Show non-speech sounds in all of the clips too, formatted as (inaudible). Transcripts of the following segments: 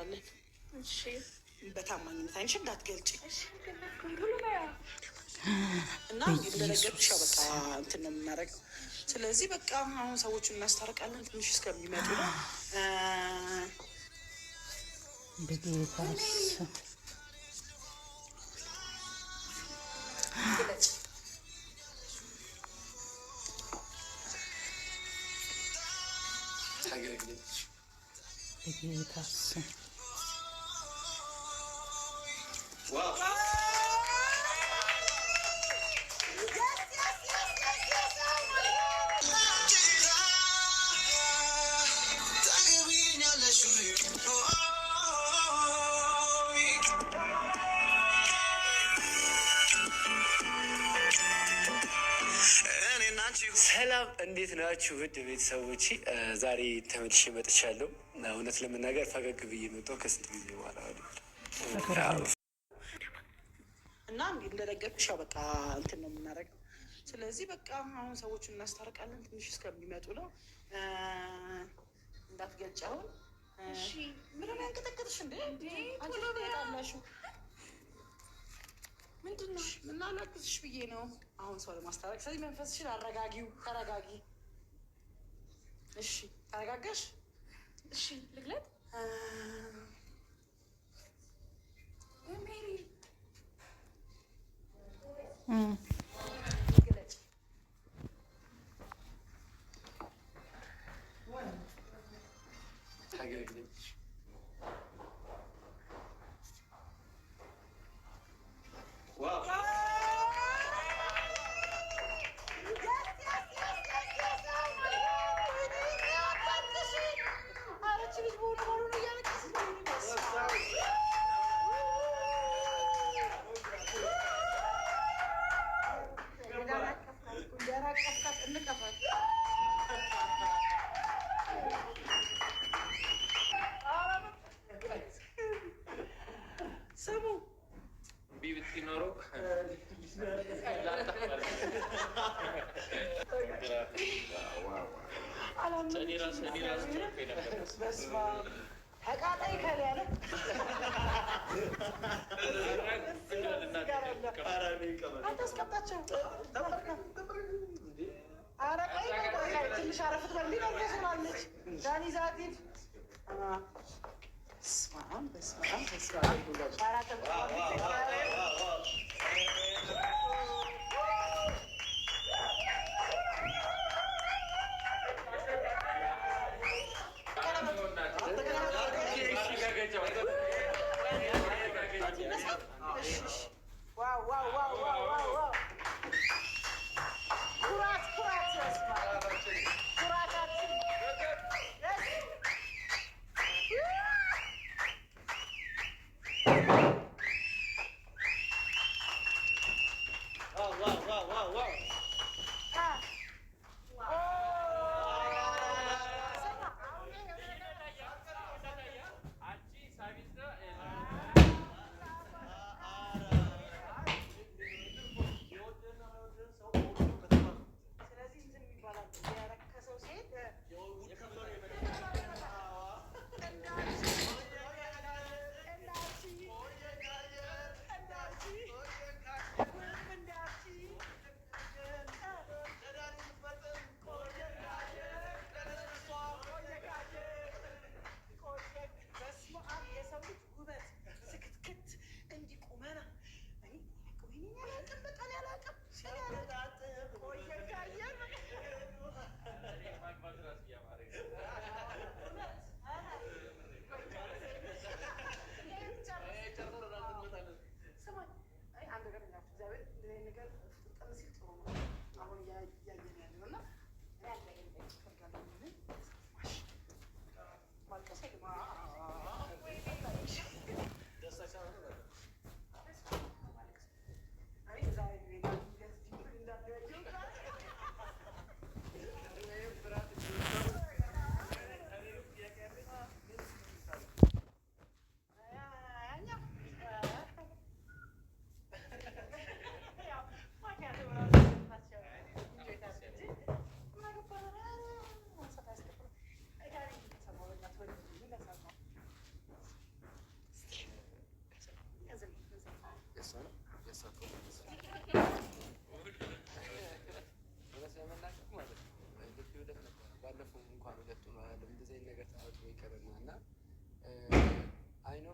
እንሄዳለን። በታማኝነት አይንሽ እንዳትገልጪ እና እንደነገርኩሽ ያው በቃ እንትን ነው የምናደርገው። ስለዚህ በቃ አሁን ሰዎቹን እናስታርቃለን ትንሽ እስከሚመጡ ነው። Thank Wow. Oh, ሰላም እንዴት ናችሁ? ውድ ቤተሰቦች ዛሬ ተመልሼ መጥቻለሁ። እውነት ለመናገር ፈገግ ብዬ መጣሁ ከስንት ጊዜ በኋላ እና እንዲ እንደነገርኩሽ ያው በቃ እንትን ነው የምናደርገው። ስለዚህ በቃ አሁን ሰዎቹን እናስታርቃለን። ትንሽ እስከሚመጡ ነው እንዳትገልጫውን ምንም ያንቀጠቀጥሽ እንዴ? ምንድን ነው ምናላግዝሽ ብዬ ነው አሁን ሰው ለማስታረቅ። ስለዚህ መንፈስሽን አረጋጊው፣ ተረጋጊ። እሺ ተረጋጋሽ? እሺ ልግለጥ ሜሪ ተቃጣይ ከል ያለ አታስቀጣቸው። ኧረ ቆይ ትንሽ አረፍ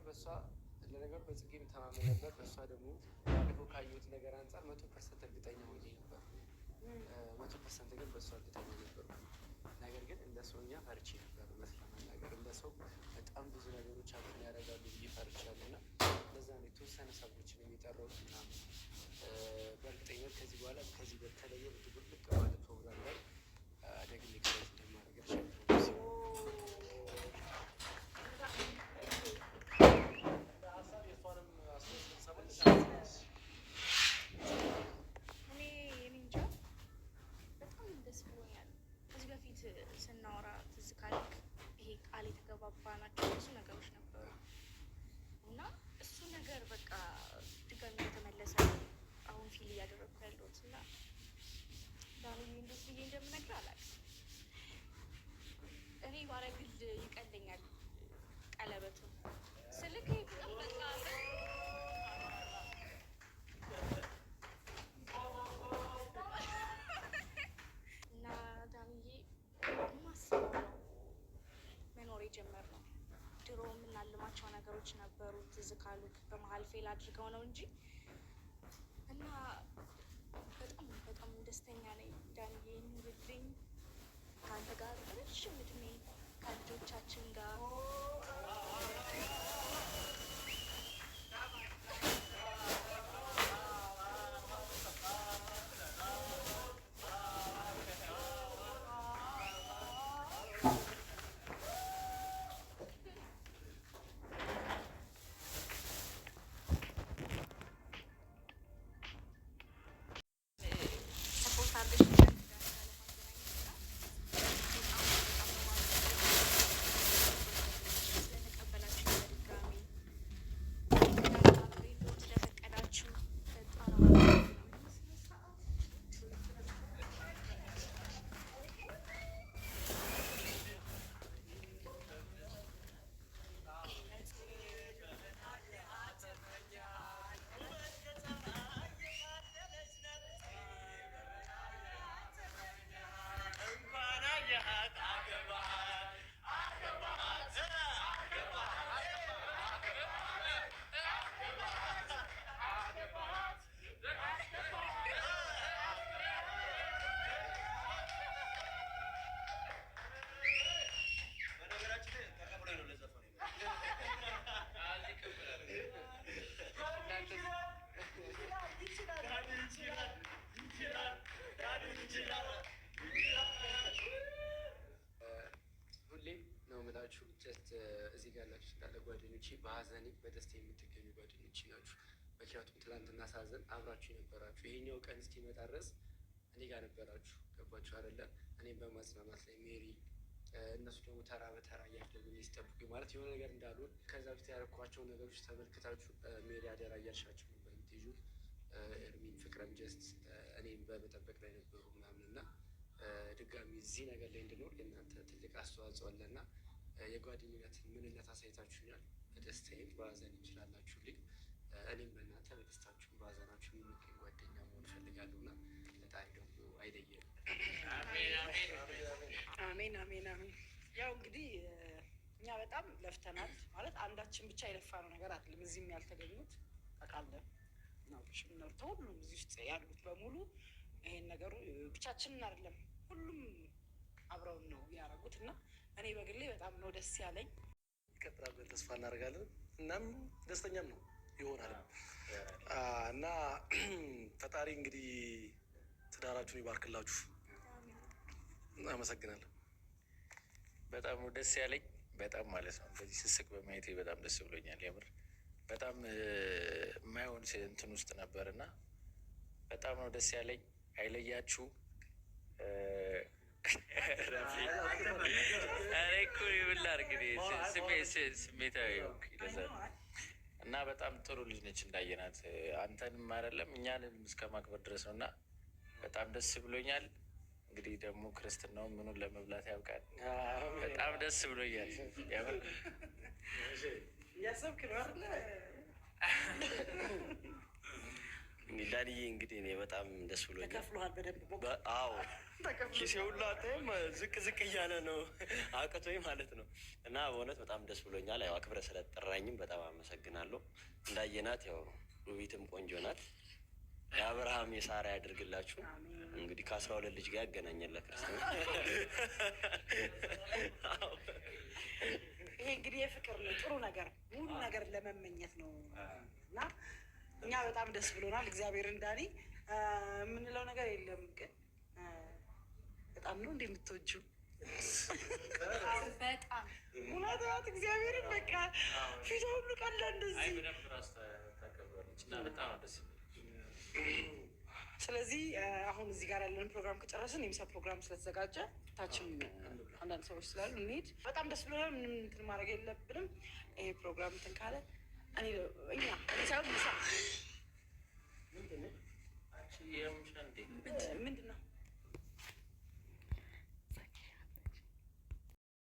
በእሷ ለነገሩ በጽጌም ተማምኜ ነበር። በእሷ ደግሞ ባለፈው ካየሁት ነገር አንጻር መቶ ፐርሰንት እርግጠኛ ሆኜ ነበር። መቶ ፐርሰንት ግን በእሷ እርግጠኛ ነበርኩ። ነገር ግን እንደ ሰውኛ ፈርቼ ነበር። እውነት ለመናገር እንደ ሰው በጣም ብዙ ነገሮች አብረን ያደርጋሉ ብዬ ፈርቻለሁ እና ለዛ ነው የተወሰነ ሰዎችን የሚጠራው ምናምን በእርግጠ የተገባባናቸው ብዙ ነገሮች ነበሩ እና እሱ ነገር በቃ ድጋሚ የተመለሰ አሁን ፊል እያደረግኩ ያለሁት እና ዳኒ እንዴት ብዬ እንደምነግር አላውቅም። እኔ ባረግል ይቀለኛል ቀለበቱን ነገሮች ነበሩ ትዝ ካሉ በመሀል ፌል አድርገው ነው እንጂ እና በጣም በጣም ደስተኛ ነኝ። ዳንዬ ኑርልኝ ከአንተ ጋር ረጅም እድሜ ከልጆቻችን ጋር ሁሌም ነው የምላችሁ። ጀስት uh, እዚህ ጋር ያላችሁ ስላለ ጓደኞቼ፣ በሀዘኔ በደስታ የምትገኙ ጓደኞቼ ናችሁ። ምክንያቱም ትናንትና ሳዘን አብራችሁ የነበራችሁ ይሄኛው ቀን እስኪመጣ ድረስ እኔ ጋር ነበራችሁ። ገባችሁ አይደለም? እኔም በማጽናናት ላይ ሜሪ uh, እነሱ ደግሞ ተራ በተራ እያደረጉ ሲጠብቁ ማለት የሆነ ነገር እንዳሉ ከዛ በፊት ያደረኳቸው ነገሮች ተመልክታችሁ uh, ሜሪ አደራ እያልሻቸው እድሜን ፍቅረም ጀስት እኔም በመጠበቅ ላይ ነበሩ ምናምን እና ድጋሚ እዚህ ነገር ላይ እንድኖር የእናንተ ትልቅ አስተዋጽኦ አለና የጓደኝነት ምንነት አሳይታችሁኛል። በደስታዬም በሀዘን ልኝ እኔም በእናንተ በደስታችሁ በሀዘናችሁ የሚገኝ ጓደኛ መሆን እፈልጋለሁ እና ፈጣሪ ደግሞ አይለየም። አሜን አሜን አሜን። ያው እንግዲህ እኛ በጣም ለፍተናል ማለት አንዳችን ብቻ የለፋነው ነገር አይደለም። እዚህም ያልተገኙት አውቃለሁ ነው የምንመርተው። ሁሉም እዚህ ውስጥ ያሉት በሙሉ ይሄን ነገሩ ብቻችንን አይደለም፣ ሁሉም አብረውን ነው ያደረጉት እና እኔ በግሌ በጣም ነው ደስ ያለኝ። ይቀጥላል ብለን ተስፋ እናደርጋለን። እናም ደስተኛም ነው ይሆናል እና (clears throat) ፈጣሪ እንግዲህ ትዳራችሁን ይባርክላችሁ። አመሰግናለሁ። በጣም ነው ደስ ያለኝ። በጣም ማለት ነው በዚህ ስስቅ በማየቴ በጣም ደስ ብሎኛል የምር በጣም የማይሆን እንትን ውስጥ ነበር እና በጣም ነው ደስ ያለኝ። አይለያችሁ እና በጣም ጥሩ ልጅ ነች እንዳየናት፣ አንተንም አይደለም እኛንም እስከ ማክበር ድረስ ነው እና በጣም ደስ ብሎኛል። እንግዲህ ደግሞ ክርስትናው ምኑን ለመብላት ያብቃል። በጣም ደስ ብሎኛል። እያሰብክ ነው አይደለ? ዳንዬ እንግዲህ እኔ በጣም ደስ ብሎኛል። ተከፍሎሃል በደንብ አዎ። ኪሴ ሁሉ ዝቅ ዝቅ እያለ ነው አቅቶኝ ማለት ነው። እና በእውነት በጣም ደስ ብሎኛል። ያው አክብረ ስለጠራኝም በጣም አመሰግናለሁ። እንዳየናት ያው ውቢትም ቆንጆ ናት። የአብርሃም የሳራ ያደርግላችሁ። እንግዲህ ከአስራ ሁለት ልጅ ጋር ያገናኛል ለክርስትና (laughs) ይሄ እንግዲህ የፍቅር ነው፣ ጥሩ ነገር ሙሉ ነገር ለመመኘት ነው እና እኛ በጣም ደስ ብሎናል። እግዚአብሔር እንዳኔ የምንለው ነገር የለም ግን በጣም ነው እንዴ የምትወጁ በጣም ሙላታት እግዚአብሔርን በቃ ፊት ሁሉ ቀላ እንደዚህ ስለዚህ አሁን እዚህ ጋር ያለን ፕሮግራም ከጨረስን የምሳ ፕሮግራም ስለተዘጋጀ ታችም አንዳንድ ሰዎች ስላሉ እንሂድ። በጣም ደስ ብሎናል። ምንም እንትን ማድረግ የለብንም። ይሄ ፕሮግራም እንትን ካለ እኛ ምንድን ነው